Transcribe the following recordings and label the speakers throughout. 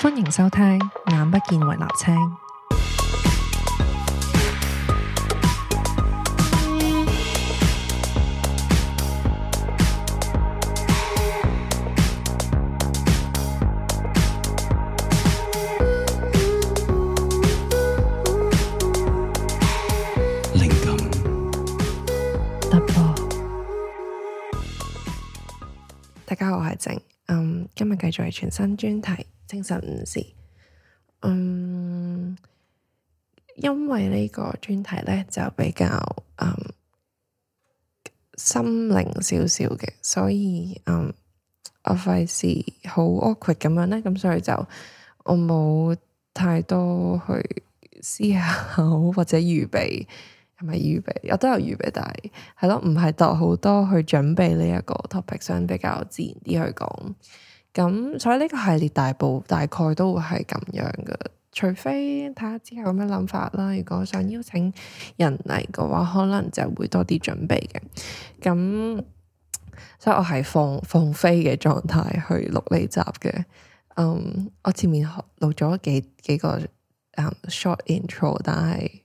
Speaker 1: 歡迎收聽，眼不見為淨。靈感突破，大家好，我係靖，嗯，今日繼續係全新專題。清晨五時，嗯，um, 因為呢個專題咧就比較嗯、um, 心靈少少嘅，所以嗯、um, 我費事好 awkward 咁樣咧，咁所以就我冇太多去思考或者預備，係咪預備？我都有預備，但係係咯，唔係度好多去準備呢一個 topic，想比較自然啲去講。咁所以呢個系列大部大概都會係咁樣嘅。除非睇下之後有咩諗法啦。如果想邀請人嚟嘅話，可能就會多啲準備嘅。咁所以我係放放飛嘅狀態去錄呢集嘅。嗯、um,，我前面錄咗幾幾個、um, short intro，但係、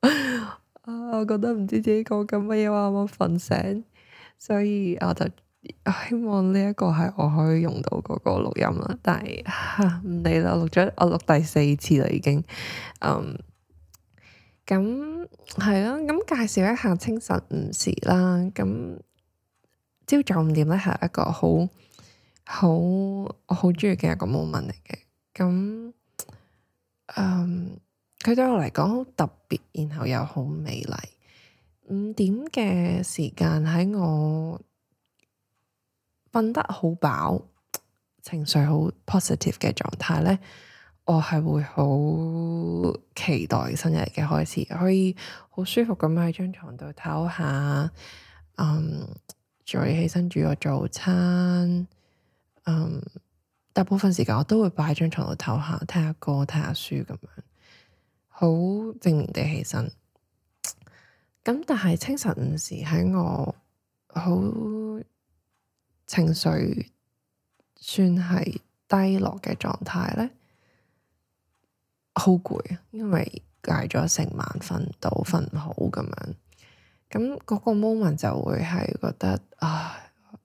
Speaker 1: 啊、我覺得唔知自己講緊乜嘢話，我瞓醒，所以我就。希望呢一個係我可以用到嗰個錄音啦，但係唔理啦，錄咗我錄第四次啦已經，嗯、um,，咁係咯，咁介紹一下清晨五時啦，咁朝早五點咧係一個好好我好中意嘅一個 moment 嚟嘅。咁嗯，佢、um, 對我嚟講好特別，然後又好美麗，五點嘅時間喺我。瞓得好飽，情緒好 positive 嘅狀態呢，我係會好期待新日嘅開始，可以好舒服咁喺張床度唞下，嗯，再起身煮個早餐，嗯，大部分時間我都會擺張床度唞下，聽下歌，睇下書咁樣，好正面地起身。咁但係清晨五時喺我好。情緒算係低落嘅狀態咧，好攰啊，因為挨咗成晚瞓唔到，瞓唔好咁樣，咁嗰個 moment 就會係覺得啊，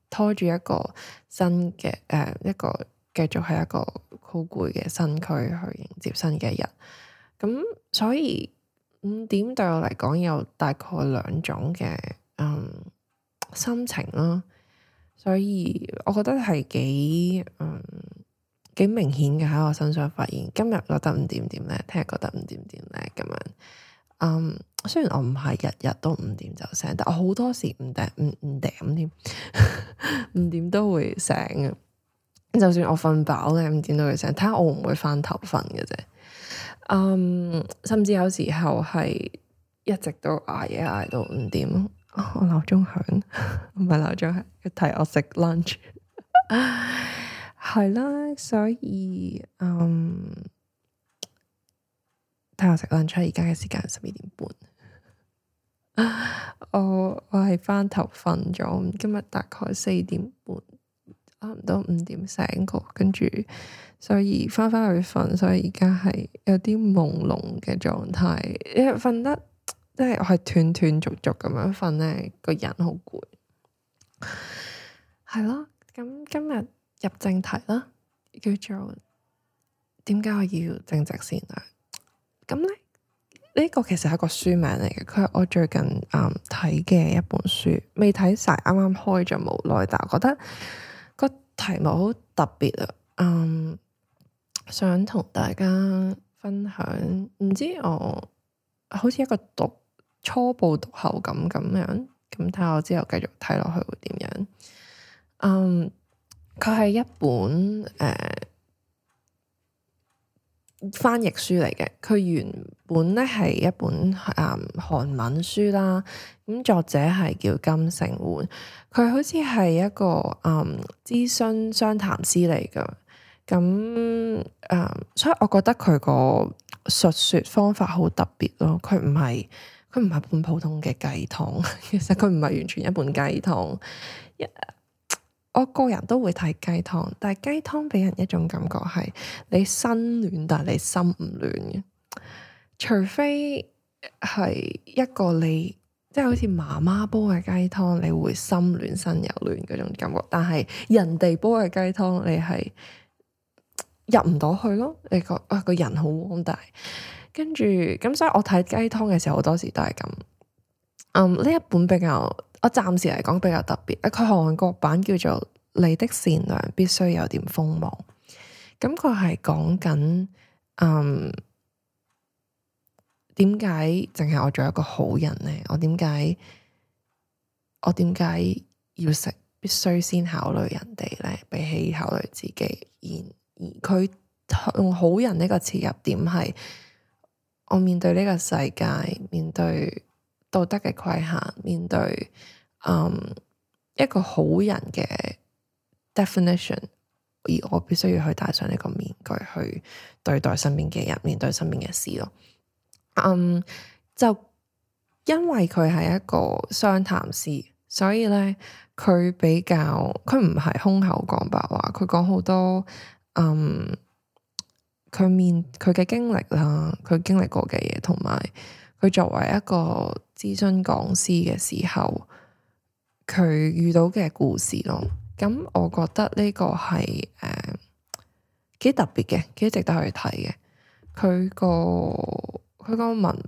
Speaker 1: 拖住一個新嘅誒、呃，一個繼續係一個好攰嘅身軀去迎接新嘅人。咁所以五點對我嚟講有大概兩種嘅嗯心情咯、啊。所以我覺得係幾嗯幾明顯嘅喺我身上發現，今日覺得五點點咧，聽日覺得五點點咧，咁樣嗯，雖然我唔係日日都五點就醒，但我好多時五點唔五點添，五點 都會醒嘅。就算我瞓飽咧，五點都會醒。睇下我唔會翻頭瞓嘅啫。嗯，甚至有時候係一直都捱夜捱到五點。哦、我鬧鐘響，唔係鬧鐘，要 睇我食 lunch 係啦，所以嗯，睇我食 lunch 而家嘅時間係十二點半。 我我係翻頭瞓咗，今日大概四點半差唔多五點醒過，跟住，所以翻翻去瞓，所以而家係有啲朦朧嘅狀態，因為瞓得。即係我係斷斷續續咁樣瞓咧，個人好攰。係 咯，咁今日入正題啦，叫做點解我要正直善良？咁咧呢個其實係一個書名嚟嘅，佢係我最近嗯睇嘅一本書，未睇晒，啱啱開咗冇耐，但係我覺得個題目好特別啊。嗯，想同大家分享，唔知我好似一個讀。初步讀後感咁樣，咁睇下我之後繼續睇落去會點樣？嗯，佢係一本誒、呃、翻譯書嚟嘅。佢原本咧係一本誒韓、嗯、文書啦。咁、嗯、作者係叫金城煥，佢好似係一個誒、嗯、諮詢商談師嚟噶咁、嗯、誒、嗯，所以我覺得佢個述說方法好特別咯。佢唔係。佢唔係一般普通嘅雞湯，其實佢唔係完全一般雞湯。一我個人都會睇雞湯，但係雞湯俾人一種感覺係你身暖，但係你心唔暖嘅。除非係一個你，即係好似媽媽煲嘅雞湯，你會心暖身又暖嗰種感覺。但係人哋煲嘅雞湯，你係入唔到去咯。你覺啊，個人好汪大。跟住，咁所以我睇雞湯嘅時候，好多時都係咁。嗯，呢一本比較，我暫時嚟講比較特別。佢韓國版叫做《你的善良必須有點鋒芒》，咁佢係講緊，嗯，點解淨係我做一個好人呢？我點解我點解要食？必須先考慮人哋呢？比起考慮自己。而而佢用好人呢個切入點係。我面對呢個世界，面對道德嘅規限，面對、嗯、一個好人嘅 definition，而我必須要去戴上呢個面具去對待身邊嘅人，面對身邊嘅事咯、嗯。就因為佢係一個商談師，所以呢，佢比較佢唔係空口講白話，佢講好多、嗯佢面佢嘅經歷啦，佢經歷過嘅嘢，同埋佢作為一個諮詢講師嘅時候，佢遇到嘅故事咯。咁我覺得呢個係誒幾特別嘅，幾值得去睇嘅。佢個佢個文，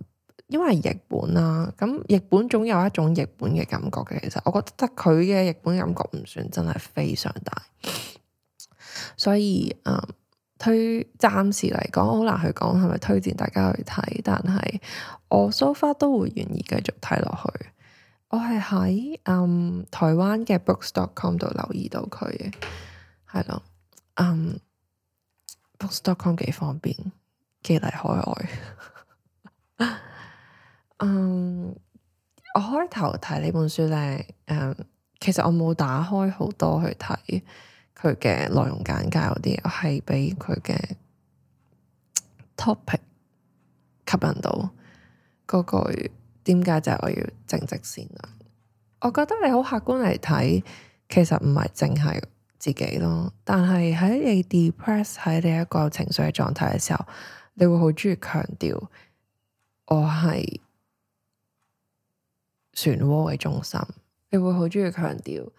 Speaker 1: 因為係譯本啦、啊，咁譯本總有一種譯本嘅感覺嘅。其實我覺得佢嘅譯本感覺唔算真係非常大，所以嗯。呃推暫時嚟講好難去講係咪推薦大家去睇，但係我 so far 都會願意繼續睇落去。我係喺嗯台灣嘅 books.com.tw 度留意到佢嘅，係咯嗯 books.com.tw 幾方便，寄嚟海外。 嗯，我開頭睇呢本書咧、嗯，其實我冇打開好多去睇。佢嘅內容簡介嗰啲，係俾佢嘅 topic 吸引到嗰句，「點解就係我要正直善良？」我覺得你好客觀嚟睇，其實唔係淨係自己咯。但係喺你 depress 喺你一個情緒嘅狀態嘅時候，你會好中意強調我係漩渦嘅中心，你會好中意強調。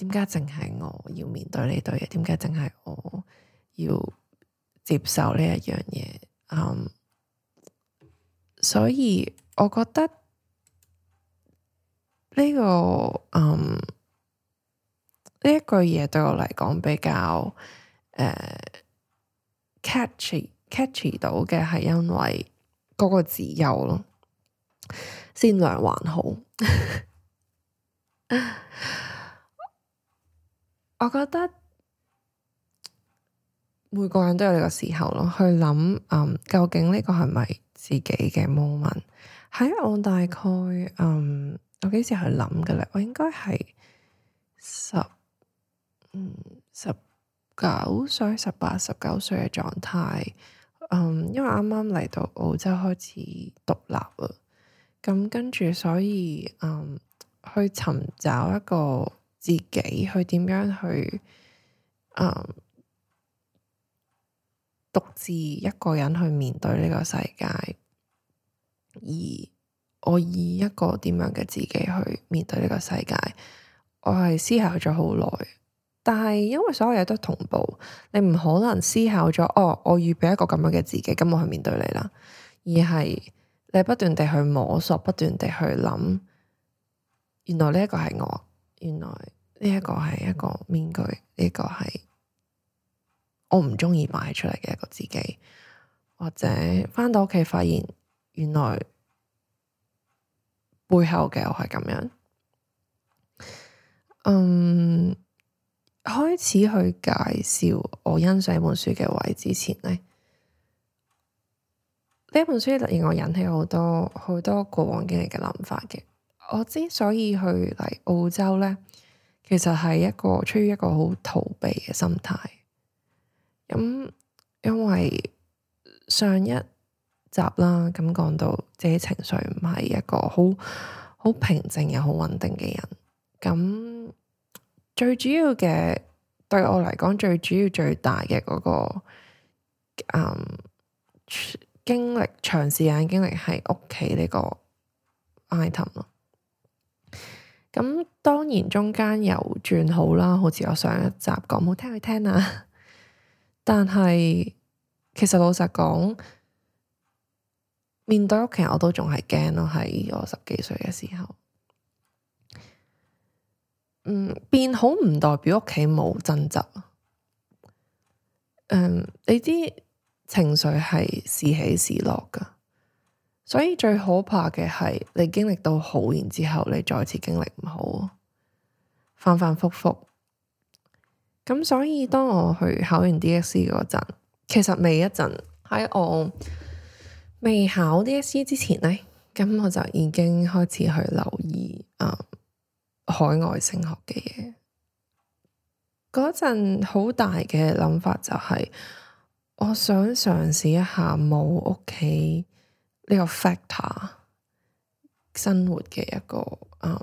Speaker 1: 點解淨係我要面對呢堆嘢？點解淨係我要接受呢一樣嘢？Um, 所以我覺得呢、這個呢、um, 一句嘢對我嚟講比較誒、uh, catchy catchy 到嘅係因為嗰個自由咯，善良還好。 我覺得每個人都有呢個時候咯，去諗嗯究竟呢個係咪自己嘅 moment？喺我大概嗯我幾時去諗嘅咧？我應該係十嗯十九歲、十八、十九歲嘅狀態，嗯因為啱啱嚟到澳洲開始獨立啊，咁跟住所以嗯去尋找一個。自己去點樣去，嗯，獨自一個人去面對呢個世界，而我以一個點樣嘅自己去面對呢個世界，我係思考咗好耐，但係因為所有嘢都同步，你唔可能思考咗哦，我要俾一個咁樣嘅自己，咁我去面對你啦，而係你不斷地去摸索，不斷地去諗，原來呢一個係我。原來呢一個係一個面具，呢一個係我唔鍾意擺出嚟嘅一個自己，或者返到屋企發現原來背後嘅我係咁樣。嗯，開始去介紹我欣賞呢本書嘅位之前呢，呢本書突然我引起好多好多過往經歷嘅諗法嘅。我之所以去嚟澳洲咧，其實係一個出於一個好逃避嘅心態。咁、嗯、因為上一集啦，咁講到自己情緒唔係一個好好平靜又好穩定嘅人。咁、嗯、最主要嘅對我嚟講，最主要最大嘅嗰個，嗯，經歷長時間經歷喺屋企呢個 item 咯。咁當然中間又轉好啦，好似我上一集講，冇聽佢聽啊！ 但係其實老實講，面對屋企我都仲係驚咯，喺我十幾歲嘅時候，嗯，變好唔代表屋企冇爭執，嗯，你啲情緒係時起時落噶。所以最可怕嘅係，你經歷到好，然之後你再次經歷唔好，反反复复咁所以當我去考完 DSE 嗰陣，其實未一陣喺我未考 DSE 之前咧，咁我就已經開始去留意啊海外升學嘅嘢。嗰陣好大嘅諗法就係，我想嘗試一下冇屋企。呢個 factor 生活嘅一個嗯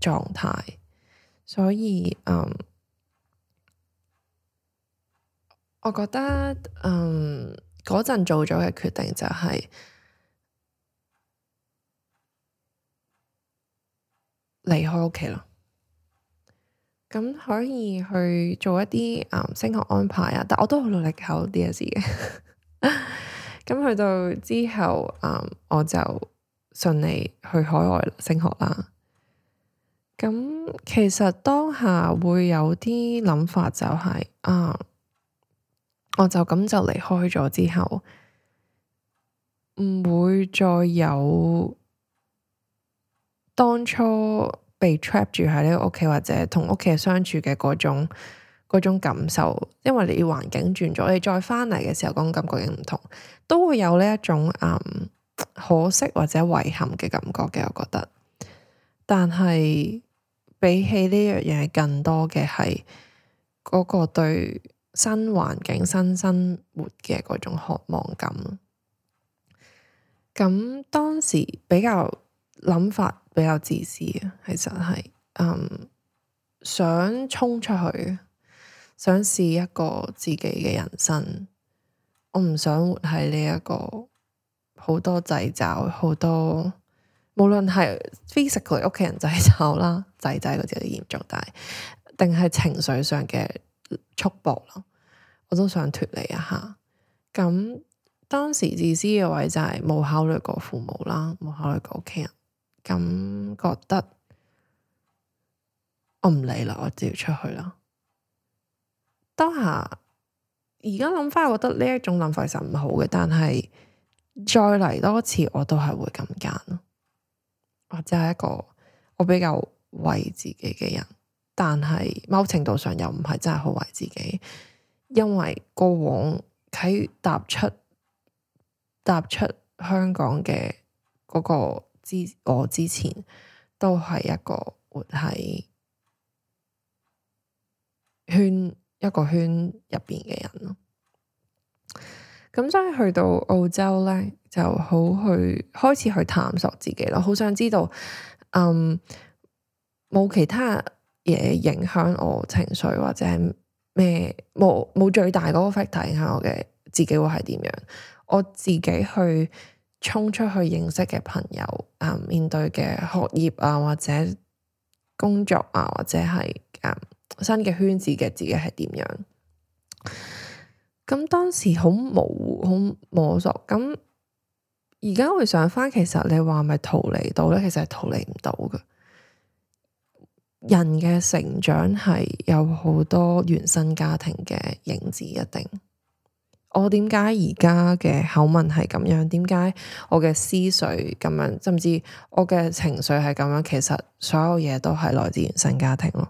Speaker 1: 狀態，所以、嗯、我覺得嗯嗰陣做咗嘅決定就係離開屋企咯，咁可以去做一啲嗯升學安排啊，但我都好努力考 DSE 嘅。 咁去到之後，嗯，我就順利去海外升學啦。咁其實當下會有啲諗法，就是，就係，嗯，我就咁就離開咗之後，唔會再有當初被 trap 住喺呢個屋企或者同屋企人相處嘅嗰種。嗰種感受，因為你要環境轉咗，你再翻嚟嘅時候，嗰種感覺已經唔同，都會有呢一種嗯，可惜或者遺憾嘅感覺嘅。我覺得，但係比起呢樣嘢更多嘅係嗰個對新環境、新生活嘅嗰種渴望感咯。咁當時比較諗法比較自私啊，其實係、嗯、想衝出去。想試一個自己嘅人生，我唔想活喺呢一個好多掣肘，好多無論係 physically 屋企人掣肘啦，掣肘嗰啲嚴重，但係定係情緒上嘅束縛咯，我都想脫離一下。咁當時自私嘅位就係冇考慮過父母啦，冇考慮過屋企人，咁覺得我唔理啦，我直接出去啦。當下而家諗翻，我覺得呢一種諗法其實唔好嘅。但係再嚟多次，我都係會咁揀咯。或者係一個我比較為自己嘅人，但係某程度上又唔係真係好為自己，因為過往喺踏出踏出香港嘅嗰個之我之前，都係一個活喺圈一個圈入邊嘅人咯，咁所以去到澳洲咧，就好去開始去探索自己咯，好想知道，嗯，冇其他嘢影響我情緒或者咩，冇冇最大嗰個 factor 睇下我嘅自己會係點樣？我自己去衝出去認識嘅朋友，嗯，面對嘅學業啊，或者工作啊，或者係新嘅圈子嘅自己係點樣？咁當時好模糊，好摸索。咁而家回想翻，其實你話咪逃離到呢？其實係逃離唔到嘅。人嘅成長係有好多原生家庭嘅影子，一定。我點解而家嘅口吻係咁樣？點解我嘅思緒咁樣？甚至我嘅情緒係咁樣？其實所有嘢都係來自原生家庭咯。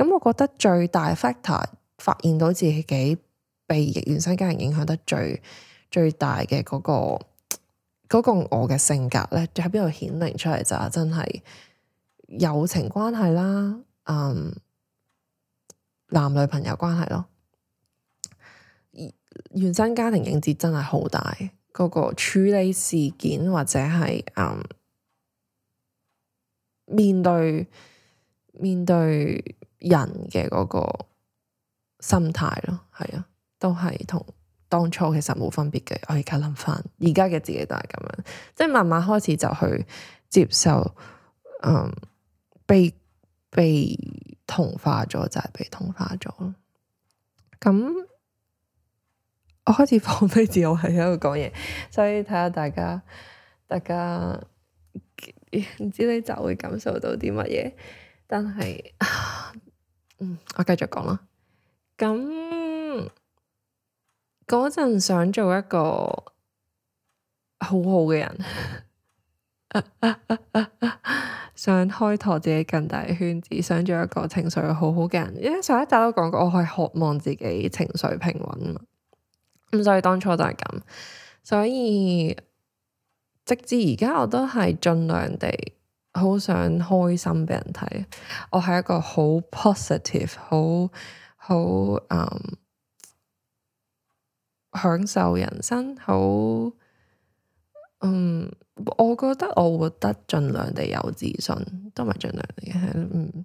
Speaker 1: 咁、嗯、我覺得最大 factor 發現到自己被原生家庭影響得最最大嘅嗰、那個嗰、那個我嘅性格咧，就喺邊度顯明出嚟，就係、是、真係友情關係啦，嗯，男女朋友關係咯，原生家庭影子真係好大，嗰、那個處理事件或者係嗯面對面對。面對人嘅嗰個心態咯，係啊，都係同當初其實冇分別嘅。我而家諗翻，而家嘅自己都係咁樣，即係慢慢開始就去接受，嗯，被被同化咗就係被同化咗。咁我開始放飛自我喺度講嘢，所以睇下大家，大家唔知你就會感受到啲乜嘢，但係。 我繼續講啦。咁嗰陣想做一個好好嘅人， 想開拓自己更大嘅圈子，想做一個情緒好好嘅人。因為上一集都講過，我係渴望自己情緒平穩嘛。咁所以當初就係咁，所以直至而家我都係盡量地。好想開心俾人睇，我係一個好 positive，好好、um, 享受人生，好、嗯、我覺得我活得盡量地有自信，都唔係盡量嚟嘅。嗯，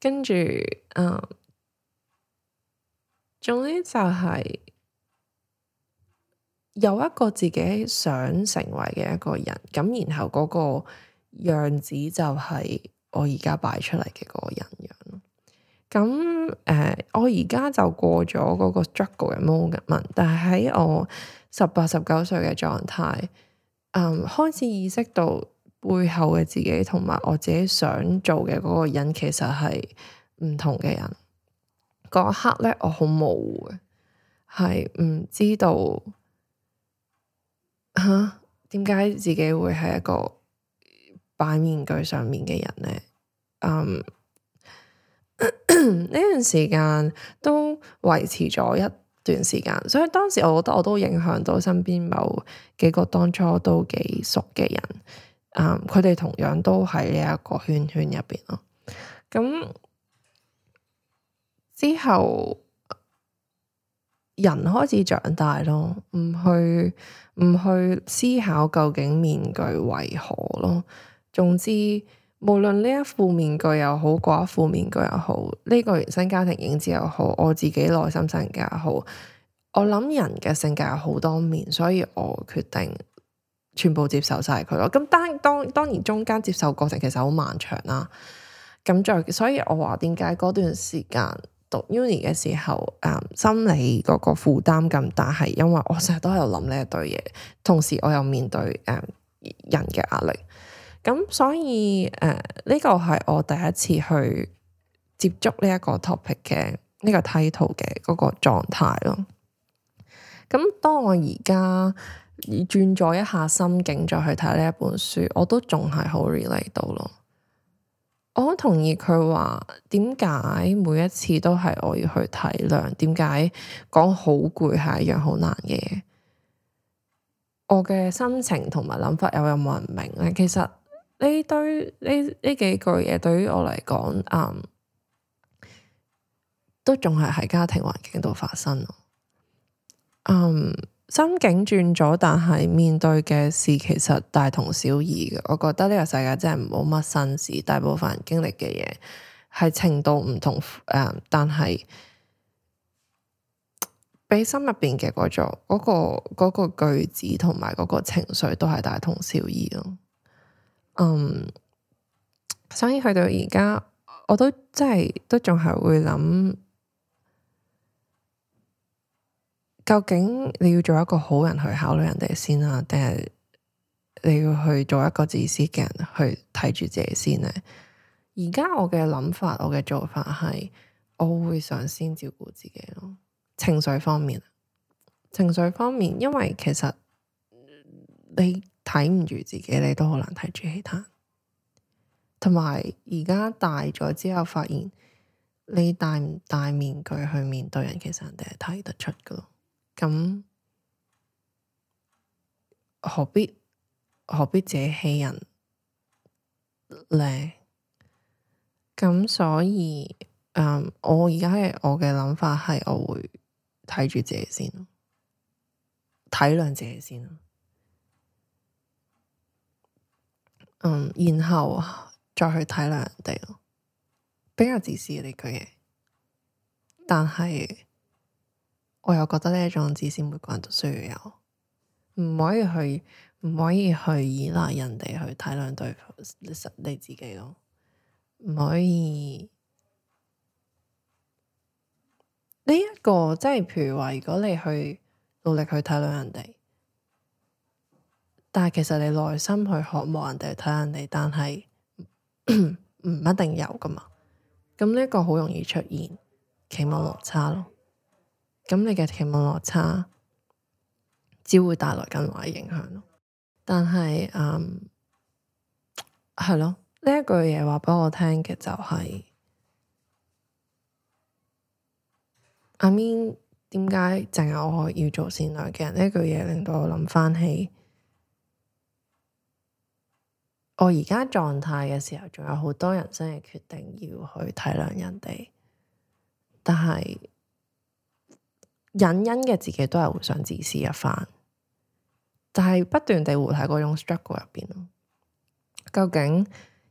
Speaker 1: 跟住嗯，總之就係有一個自己想成為嘅一個人，咁然後嗰、嗰個。樣子就係我而家擺出嚟嘅嗰個人樣咯。咁誒、呃，我而家就過咗嗰個 struggle 嘅 moment，但係喺我十八、十九歲嘅狀態，嗯，開始意識到背後嘅自己同埋我自己想做嘅嗰個人其實係唔同嘅人。嗰一刻咧，我好模糊嘅，係唔知道吓點解自己會係一個。擺面具上面嘅人呢，呢、um, 呢段時間都維持咗一段時間，所以當時我覺得我都影響到身邊某幾個當初都幾熟嘅人，佢、um, 哋同樣都喺呢一個圈圈入邊咯，咁之後人開始長大咯，唔去唔去思考究竟面具為何咯。總之，無論呢一副面具又好，嗰一副面具又好，呢個原生家庭影子又好，我自己內心性格又好，我諗人嘅性格有好多面，所以我決定全部接受晒佢咯。咁但當當然中間接受過程其實好漫長啦。咁再，所以我話點解嗰段時間讀 uni 嘅時候，呃、心理嗰個負擔咁大，係因為我成日都喺度諗呢一堆嘢，同時我又面對、呃、人嘅壓力。咁所以，誒、呃，呢、這個係我第一次去接觸呢一個 topic 嘅呢、這個 title 嘅嗰個狀態咯。咁、嗯、當我而家轉咗一下心境，再去睇呢一本書，我都仲係好 relate 到咯。我好同意佢話，點解每一次都係我要去體諒，點解講好攰係一樣好難嘅。我嘅心情同埋諗法又有冇人明咧？其實。呢堆呢，呢幾句嘢，對於我嚟講，嗯，都仲係喺家庭環境度發生咯，嗯。心境轉咗，但係面對嘅事其實大同小異嘅。我覺得呢個世界真係冇乜新事，大部分人經歷嘅嘢係程度唔同、嗯、但係，畀心入邊嘅嗰種嗰個、嗰個句子同埋嗰個情緒都係大同小異咯。嗯，um, 所以去到而家，我都真係都仲係會諗，究竟你要做一個好人去考慮人哋先啊，定係你要去做一個自私嘅人去睇住自己先咧？而家我嘅諗法，我嘅做法係，我會想先照顧自己咯，情緒方面，情緒方面，因為其實你。睇唔住自己，你都好難睇住其他人。同埋而家大咗之後，發現你戴唔戴面具去面對人，其實人哋係睇得出噶咯。咁何必何必自己欺人咧？咁所以，嗯，我而家嘅我嘅諗法係，我會睇住自己先咯，體諒自己先咯。嗯，然後再去體諒人哋咯，比較自私嘅呢句嘢。但係我又覺得呢一種自私，每個人都需要有，唔可以去，唔可以去依賴人哋去體諒對方你自己咯，唔可以。呢、這、一個即係譬如話，如果你去努力去體諒人哋。但係其實你內心去渴望人哋睇人哋，但係唔 一定有噶嘛。咁呢一個好容易出現期望落差咯。咁你嘅期望落差只會帶來更壞影響咯。但係嗯，係咯，呢一句嘢話畀我聽嘅就係阿 Min 點解淨係我要做善良嘅人？呢句嘢令到我諗翻起。我而家狀態嘅時候，仲有好多人生嘅決定要去體諒人哋，但係隱隱嘅自己都係會想自私一番，就係不斷地活喺嗰種 struggle 入邊咯。究竟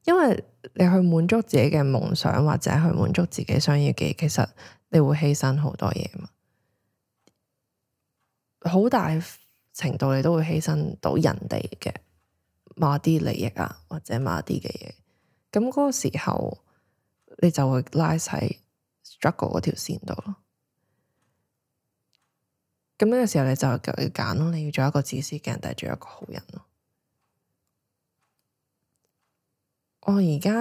Speaker 1: 因為你去滿足自己嘅夢想，或者去滿足自己想要嘅，其實你會犧牲好多嘢嘛？好大程度你都會犧牲到人哋嘅。某啲利益啊，或者某啲嘅嘢，咁嗰個時候你就會拉晒 struggle 嗰條線度咯。咁呢個時候你就要揀咯，你要做一個自私嘅人，定係做一個好人咯。我而家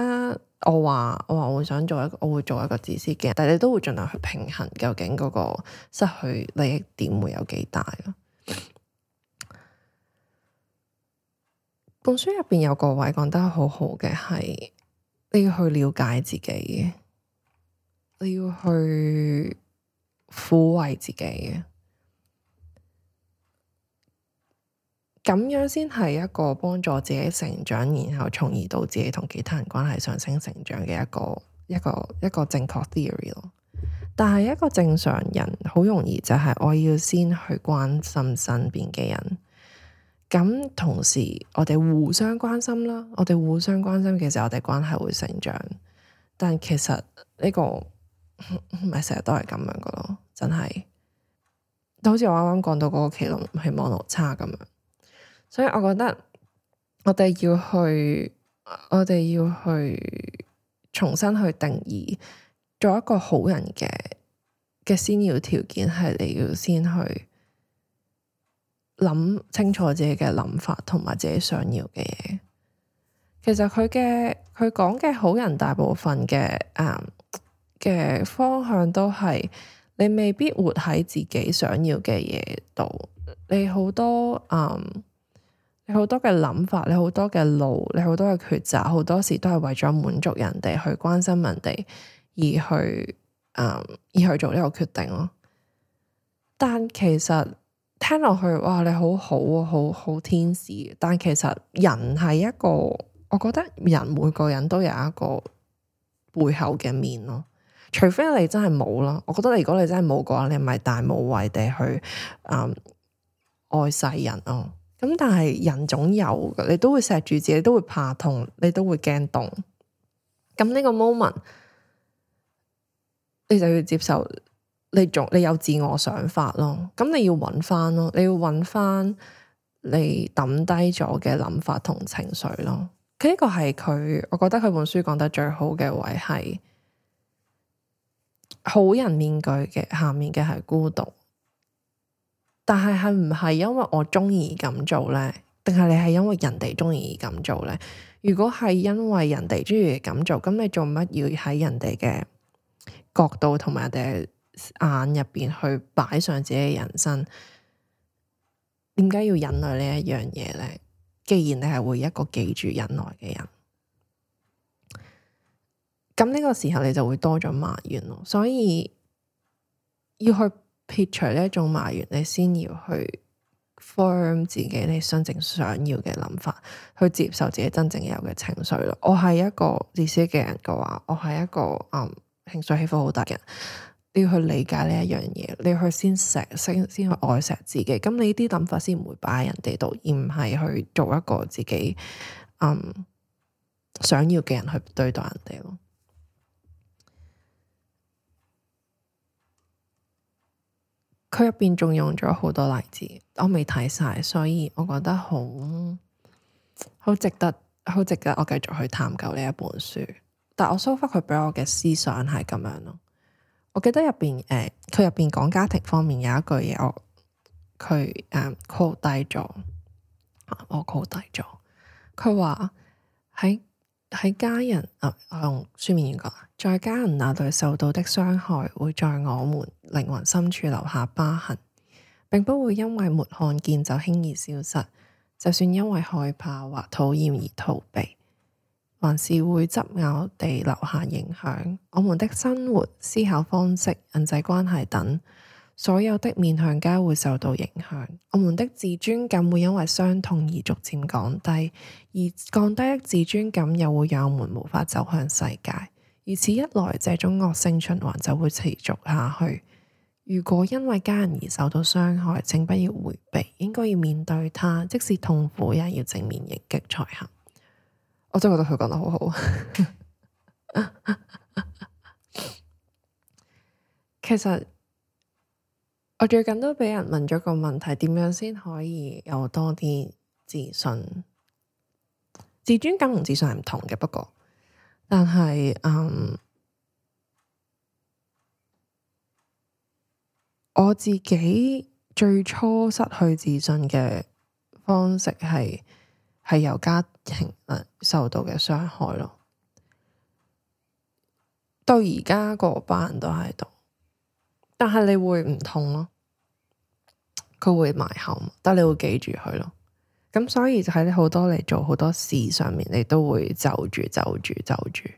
Speaker 1: 我話我話我會想做一個，我會做一個自私嘅人，但係你都會盡量去平衡，究竟嗰個失去利益點會有幾大咯。本書入邊有個位講得好好嘅，係你要去了解自己嘅，你要去撫慰自己嘅，咁樣先係一個幫助自己成長，然後從而導致你同其他人關係上升成長嘅一個一個一個正確 theory 咯。但係一個正常人好容易就係我要先去關心身邊嘅人。咁同時，我哋互相關心啦，我哋互相關心嘅時候，我哋關係會成長。但其實呢個唔係成日都係咁樣噶咯，真係。好似我啱啱講到嗰個奇隆係網絡差咁樣，所以我覺得我哋要去，我哋要去重新去定義，做一個好人嘅嘅先要條件係你要先去。諗清楚自己嘅諗法同埋自己想要嘅嘢，其實佢嘅佢講嘅好人，大部分嘅嘅、嗯、方向都係你未必活喺自己想要嘅嘢度，你好多誒、嗯，你好多嘅諗法，你好多嘅路，你好多嘅抉擇，好多時都係為咗滿足人哋去關心人哋而去、嗯、而去做呢個決定咯。但其實。聽落去，哇！你好好啊，好好天使。但其實人係一個，我覺得人每個人都有一個背後嘅面咯。除非你真係冇咯，我覺得如果你真係冇嘅話，你咪大無畏地去，嗯，愛世人咯、啊。咁但係人總有嘅，你都會錫住自己，都會，都會怕痛，你都會驚凍。咁呢個 moment，你就要接受。你仲你有自我想法咯，咁你要揾翻咯，你要揾翻你抌低咗嘅諗法同情緒咯。呢個係佢，我覺得佢本書講得最好嘅位係好人面具嘅下面嘅係孤獨。但係係唔係因為我中意咁做呢？定係你係因為人哋中意咁做呢？如果係因為人哋中意咁做，咁你做乜要喺人哋嘅角度同埋人哋嘅？眼入邊去擺上自己嘅人生，點解要忍耐呢一樣嘢呢？既然你係會一個記住忍耐嘅人，咁呢個時候你就會多咗埋怨咯。所以要去撇除呢一種埋怨，你先要去 form 自己你真正想要嘅諗法，去接受自己真正有嘅情緒咯。我係一個自私嘅人嘅話，我係一個嗯情緒起伏好大嘅人。你要去理解呢一樣嘢，你要去先錫先先去愛錫自己，咁你啲諗法先唔會擺喺人哋度，而唔係去做一個自己、嗯、想要嘅人去對待人哋咯。佢入邊仲用咗好多例子，我未睇晒，所以我覺得好好值得，好值得我繼續去探究呢一本書。但我收返佢俾我嘅思想係咁樣咯。我記得入邊誒，佢入邊講家庭方面有一句嘢，我佢誒 quote 低咗，我 quote 低咗。佢話喺喺家人啊，用書面語講，在家人那裏受到的傷害，會在我們靈魂深處留下疤痕，並不會因為沒看見就輕易消失，就算因為害怕或討厭而逃避，還是會執拗地留下影響我們的生活、思考方式、人際關係等，所有的面向皆會受到影響。我們的自尊感會因為傷痛而逐漸降低，而降低的自尊感又會讓我們無法走向世界。如此一來，這種惡性循環就會持續下去。如果因為家人而受到傷害，請不要回避，應該要面對它，即使痛苦，也要正面迎擊才行。我真係覺得佢講得好好。 其實我最近都畀人問咗個問題，點樣先可以有多啲自信？自尊感同自信係唔同嘅，不過，但係嗯，我自己最初失去自信嘅方式係係由家。受到嘅傷害咯，到而家個疤都喺度，但係你會唔痛咯？佢會埋口，但係你會記住佢咯。咁所以就喺好多嚟，做好多事上面，你都會就住就住就住。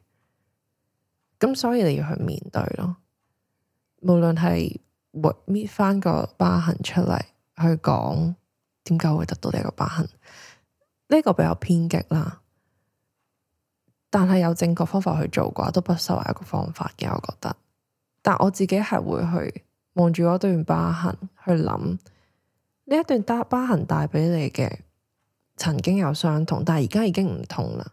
Speaker 1: 咁所以你要去面對咯，無論係搣，搣翻個疤痕出嚟，去講點解會得到呢個疤痕。呢個比較偏激啦，但係有正確方法去做嘅話，都不失為一個方法嘅。我覺得，但我自己係會去望住嗰段疤痕去諗，呢一段疤痕帶畀你嘅曾經有相同，但係而家已經唔同啦，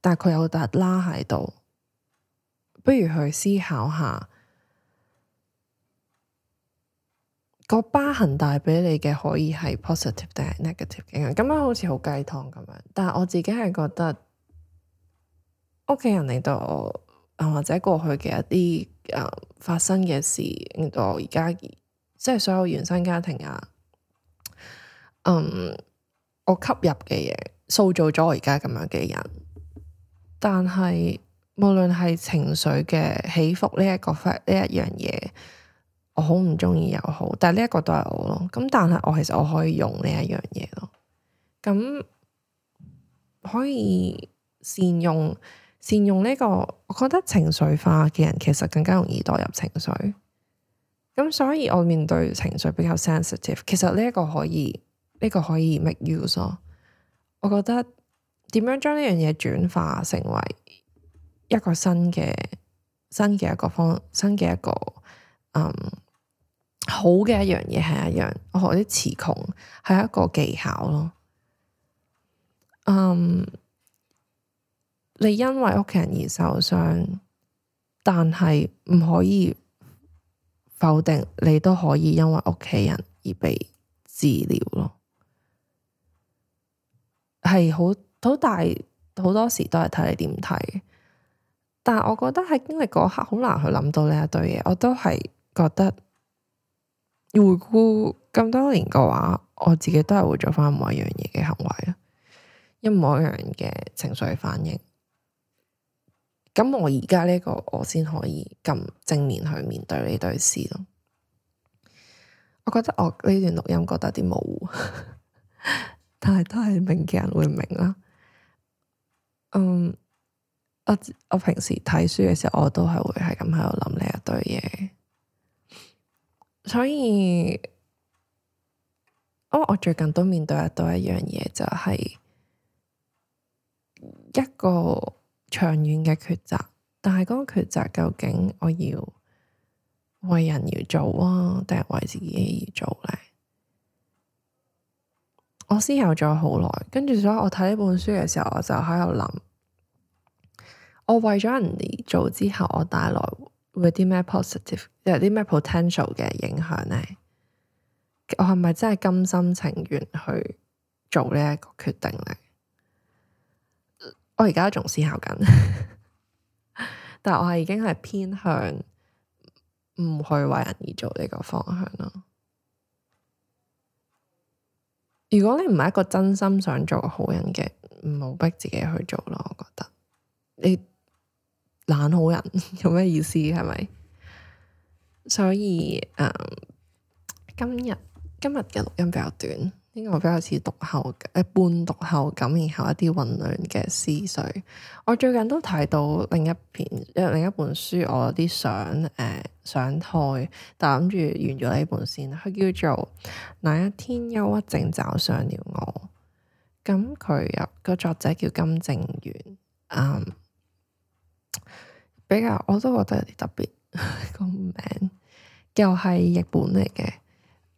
Speaker 1: 但係佢有笪拉喺度，不如去思考下。個疤痕帶俾你嘅可以係 positive 定係 negative 嘅人，咁樣好似好雞湯咁樣。但係我自己係覺得，屋企人嚟到我或者過去嘅一啲誒、嗯、發生嘅事，令到我而家即係所有原生家庭啊，嗯、我吸入嘅嘢塑造咗我而家咁樣嘅人。但係無論係情緒嘅起伏呢、呢、一個呢一樣嘢。呢個呢個呢個我好唔中意又好，但係呢一個都係我咯。咁但係我其實我可以用呢一樣嘢咯，咁、嗯、可以善用善用呢、這個，我覺得情緒化嘅人其實更加容易代入情緒。咁、嗯、所以我面對情緒比較 sensitive，其實呢一個可以呢、這個可以 make use 咯。我覺得點樣將呢樣嘢轉化成為一個新嘅新嘅一個方新嘅一個嗯。好嘅一樣嘢係一樣，我學啲詞窮係一個技巧咯。Um, 你因為屋企人而受傷，但係唔可以否定你都可以因為屋企人而被治療咯。係好好大好多時都係睇你點睇，但係我覺得喺經歷嗰刻好難去諗到呢一堆嘢，我都係覺得。要回顧咁多年嘅話，我自己都係會做翻每一樣嘢嘅行為咯，一模一樣嘅情緒反應。咁我而家呢個我先可以咁正面去面對呢堆事咯。我覺得我呢段錄音覺得有啲模糊， 但係都係明嘅人會明啦。嗯，我我平時睇書嘅時候，我都係會係咁喺度諗呢一堆嘢。所以，我最近都面對到一樣嘢，就係一個長遠嘅抉擇。但係嗰個抉擇究竟我要為人而做啊，定係為自己而做咧？我思考咗好耐，跟住所以，我睇呢本書嘅時候，我就喺度諗：我為咗人哋做之後，我帶來。會有啲咩 positive，有啲咩 potential 嘅影響呢？我係咪真係甘心情願去做呢一個決定呢？我而家仲思考緊， 但係我係已經係偏向唔去為人而做呢個方向咯。如果你唔係一個真心想做好人嘅，唔好逼自己去做咯。我覺得你。懶好人有咩意思係咪？所以、嗯、今日今日嘅錄音比較短，呢個比較似讀後，誒半讀後感，然後一啲混亂嘅思緒。我最近都睇到另一篇，另一本書，我有啲想誒上台，但諗住完咗呢本先。佢叫做《那一天憂鬱症找上了我》，咁佢有個作者叫金正元，嗯比較我都覺得有啲特別 個名，又係日本嚟嘅。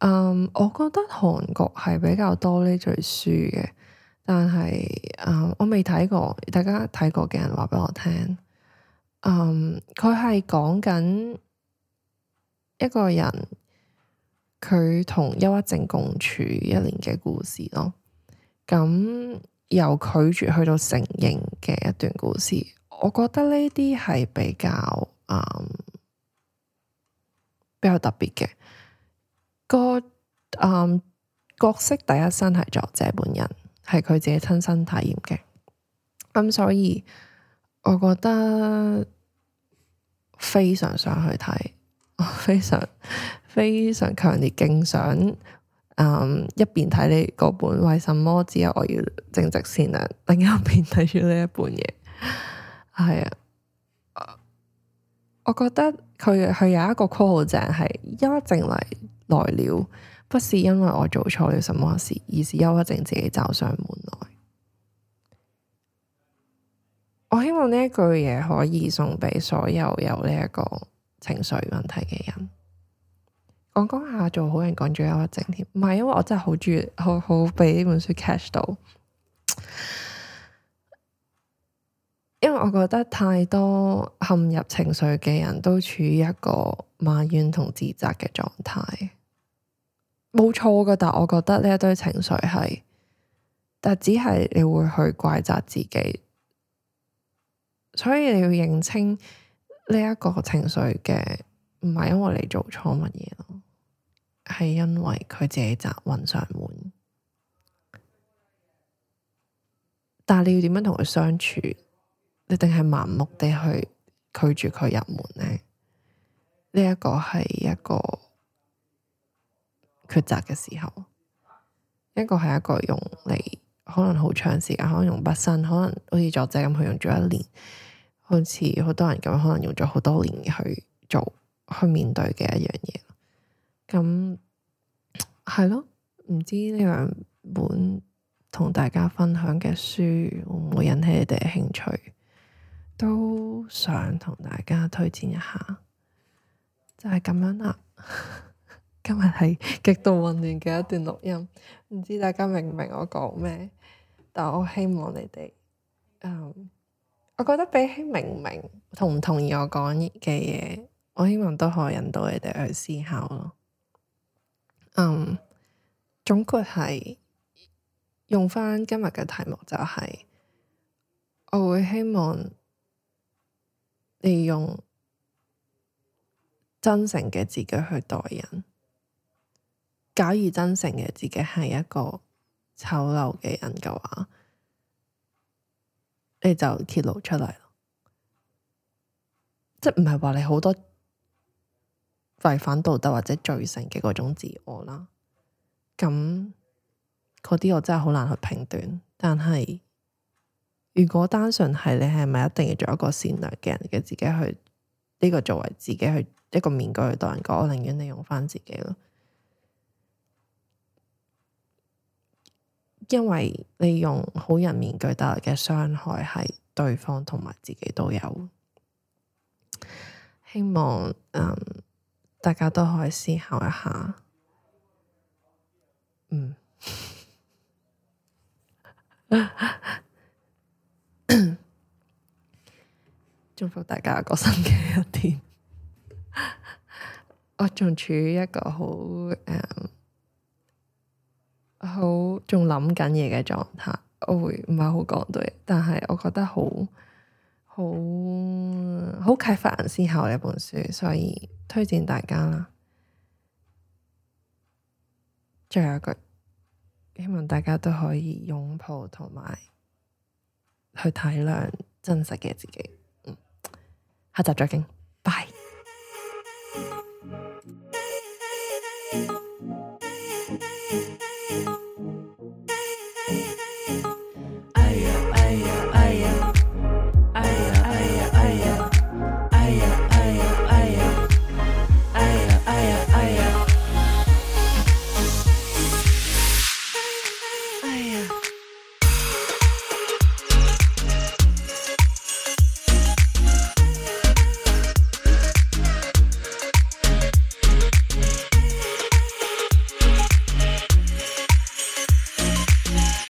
Speaker 1: Um, 我覺得韓國係比較多呢種書嘅，但係，uh, 我未睇過，大家睇過嘅人話畀我聽。佢係講緊一個人，佢同憂鬱症共處一年嘅故事咯。咁由拒絕去到承認嘅一段故事。我覺得呢啲係比較嗯比較特別嘅，個、嗯、角色第一身係作者本人，係佢自己親身體驗嘅。咁、嗯、所以我覺得非常想去睇，非常非常強烈勁想、嗯、一邊睇你嗰本《為什麼只有我要正直善良》，另一邊睇住呢一本嘢。係啊，我我覺得佢佢有一個 call 好正係憂鬱症嚟，來了，不是因為我做錯了什麼事，而是憂鬱症自己找上門來。我希望呢一句嘢，可以送俾所有有呢一個情緒問題嘅人。講講下做好人，講咗憂鬱症添，唔係因為我真係好中意，好好俾呢本書 catch 到。因為我覺得太多陷入情緒嘅人都處於一個埋怨同自責嘅狀態，冇錯㗎，但係我覺得呢一堆情緒係，但只係你會去怪責自己，所以你要認清呢一個情緒嘅唔係因為你做錯乜嘢咯，係因為佢自己搵上門，但係你要點樣同佢相處？定係盲目地去拒絕佢入門呢？呢一個係一個抉擇嘅時候，一個係一個用嚟可能好長時間，可能用畢生，可能好似作者咁去用咗一年，好似好多人咁可能用咗好多年去做去面對嘅一樣嘢。咁係咯，唔知呢兩本同大家分享嘅書會唔會引起你哋嘅興趣？都想同大家推薦一下，就係、是、咁樣啦。 今日係極度混亂嘅一段錄音，唔知大家明唔明我講咩？但我希望你哋，um, 我覺得比起明唔明同唔同意我講嘅嘢，我希望都可以引導你哋去思考咯。嗯、um,，總括係用翻今日嘅題目、就是，就係我會希望。利用真誠嘅自己去待人，假如真誠嘅自己係一個醜陋嘅人嘅話，你就揭露出嚟咯。即係唔係話你好多違反道德或者罪成嘅嗰種自我啦。咁嗰啲我真係好難去評斷，但係。如果單純係你係咪一定要做一個善良嘅人嘅，自己去呢、呢個作為自己去一個面具去當人講，我寧願你用翻自己咯，因為你用好人面具帶來嘅傷害係對方同埋自己都有。希望、嗯、大家都可以思考一下，嗯 祝福大家一個新嘅一天。我仲處於一個好誒，好仲諗緊嘢嘅狀態，我會唔係好講對，但係我覺得好好好啟發人思考嘅一本書，所以推薦大家啦。最後一句，希望大家都可以擁抱同埋。去體諒真實嘅自己。嗯，下集再見。拜。